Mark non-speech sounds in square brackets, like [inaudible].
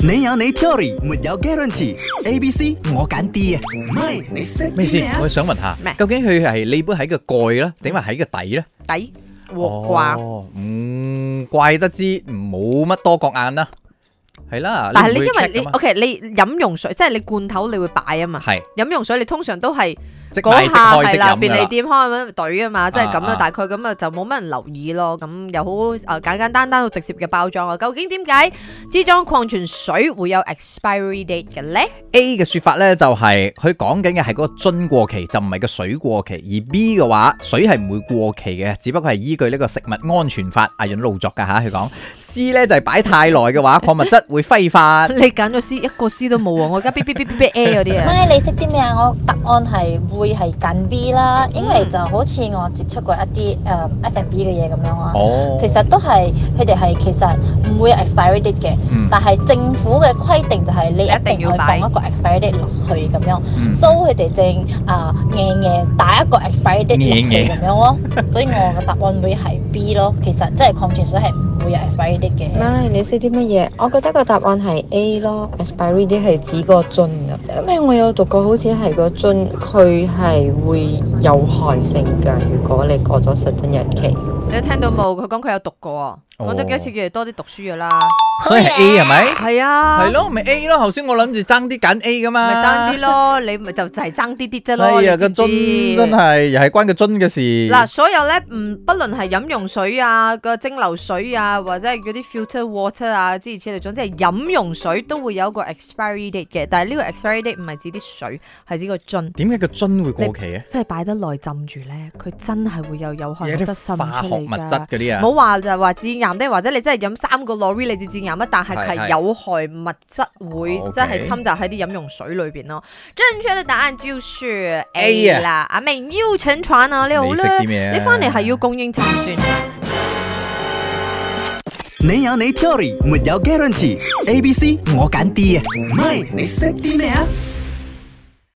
你有你 theory，沒有 guarantee。A、B、C 我揀 D 啊！唔係，你識咩意思？我想問下，究竟佢係你杯喺個蓋啦，定係喺個底咧？底，鑊啩。唔怪得之，冇乜多角眼啦。係啦，但係你因為你，OK，你飲用水即係你罐頭你會擺啊嘛？係飲用水，你通常都係。嗰下係啦，便利店開咁懟啊嘛，即係開咁啊，大概咁啊就冇乜人留意咯。咁又好啊，簡簡單單好直接嘅包裝啊，究竟點解支裝礦泉水會有 expiry date 嘅咧？A 嘅說法咧就係佢講緊嘅係嗰個樽過期，就唔係個水過期。而 B 嘅話，水係唔會過期嘅，只不過係依據呢個食物安全法阿潤老作噶吓，佢講。C 咧就係、是、擺太耐嘅話，礦物質會揮發。 [laughs] 你揀咗 C 一個 C 都冇啊！我而家 B B B B B A 嗰啲啊。MY 你識啲咩啊？我答案係會係揀 B 啦，因為就好似我接觸過一啲誒、um，F&B 嘅嘢咁樣啊。哦，oh。其實都係佢哋係其實。唔會 expiry 啲嘅，但係政府嘅規定就係你一定要放一個 expiry 啲落去咁樣，收佢哋正啊硬嘢打一個 expiry 啲嘢嘢咁樣咯。 [laughs] 所以我嘅答案會係 B 咯，其實即係礦泉水係唔會有 expiry 啲嘅。媽，你識啲乜嘢？我覺得個答案係 A 咯，expiry 啲係指個樽啊，因為我有讀過好似係個樽佢係會有害性㗎，如果你過咗實質日期。你聽到冇？佢講佢有讀過，講咗幾次叫你多啲讀書嘅啦。所以係 A 係咪？係啊，係咯，咪 A 咯。頭先我諗住爭啲揀 A 噶嘛，咪爭啲咯，你咪就就係爭啲啲啫咯。知唔知？啊個樽真係又係關個樽嘅事。嗱，所有咧，嗯，不論係飲用水啊、個蒸餾水啊，或者係嗰啲 filtered water 啊，諸如此類，即係飲用水都會有一個 expiry date 嘅。但係呢個 expiry date 唔係指啲水，係指個樽。點解個樽會過期嘅？即係擺得耐浸住咧，佢真係會有有害嘅質滲出。有啲化學。物質嗰啲啊，唔好話就係話致癌，或者你真係飲三個 lorry 你至致癌乜？但係佢係有害物質會是是即係侵襲喺啲飲用水裏邊咯。Okay 正確的答案就係 A, A 啦，阿、啊、明邀請串啊，你好叻！你翻嚟係要供應陳算。你有你 theory，沒有 guarantee，A B C 我揀 D 啊，My 你識啲咩啊？